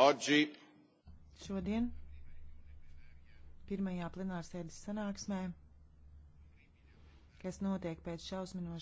Oggi. Šodien, pirmajā plenārsēdes sanāksmē, kas notiek pēc šausminošas.